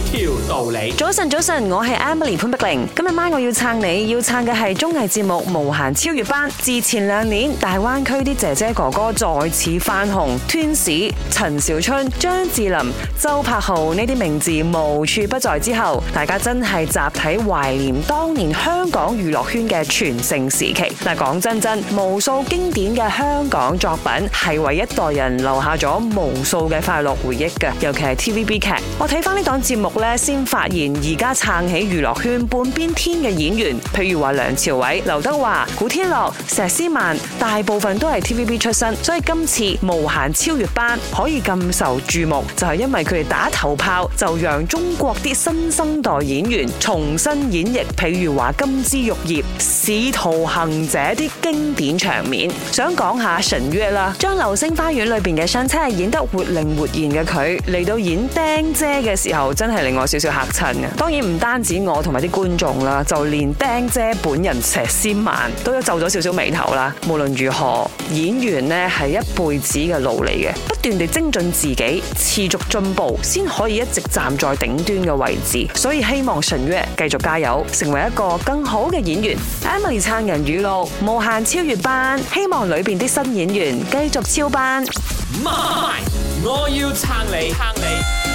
條道理，早晨早晨，我係 Emily 潘碧玲，今日晚我要撐你，要撐嘅係綜藝節目《無限超越班》。自前兩年大灣區啲姐姐哥哥再次翻紅，Twins 陳小春、張智霖、周柏豪呢啲名字無處不在之後，大家真係集體懷念當年香港娛樂圈嘅全盛時期。嗱，講真真，無數經典嘅香港作品係為一代人留下咗無數嘅快樂回憶嘅，尤其係 TVB 劇。我睇翻呢檔節目。目呢先發現，而家撐起娛樂圈半邊天嘅演員，譬如話梁朝偉、劉德華、古天樂、佘詩曼，大部分都係 TVB 出身，所以今次無限超越班可以咁受注目，就係因為佢哋打頭炮，就讓中國啲新生代演員重新演繹，譬如話《金枝玉葉》《使徒行者》啲經典場面。想講下沈月啦，將《流星花園》裏邊嘅雙車演得活靈活現嘅佢，嚟到演釘姐嘅時候真。係令我少少嚇親嘅，當然唔單止我同埋啲觀眾啦，就連釘姐本人佘詩曼都有皺咗少少眉頭啦。無論如何，演員呢係一輩子嘅路嚟嘅，不斷地精進自己，持續進步，先可以一直站在頂端嘅位置。所以希望純約繼續加油，成為一個更好嘅演員。Emily 撐人語錄，無限超越班，希望裏邊啲新演員繼續超班。我要撐你。撐你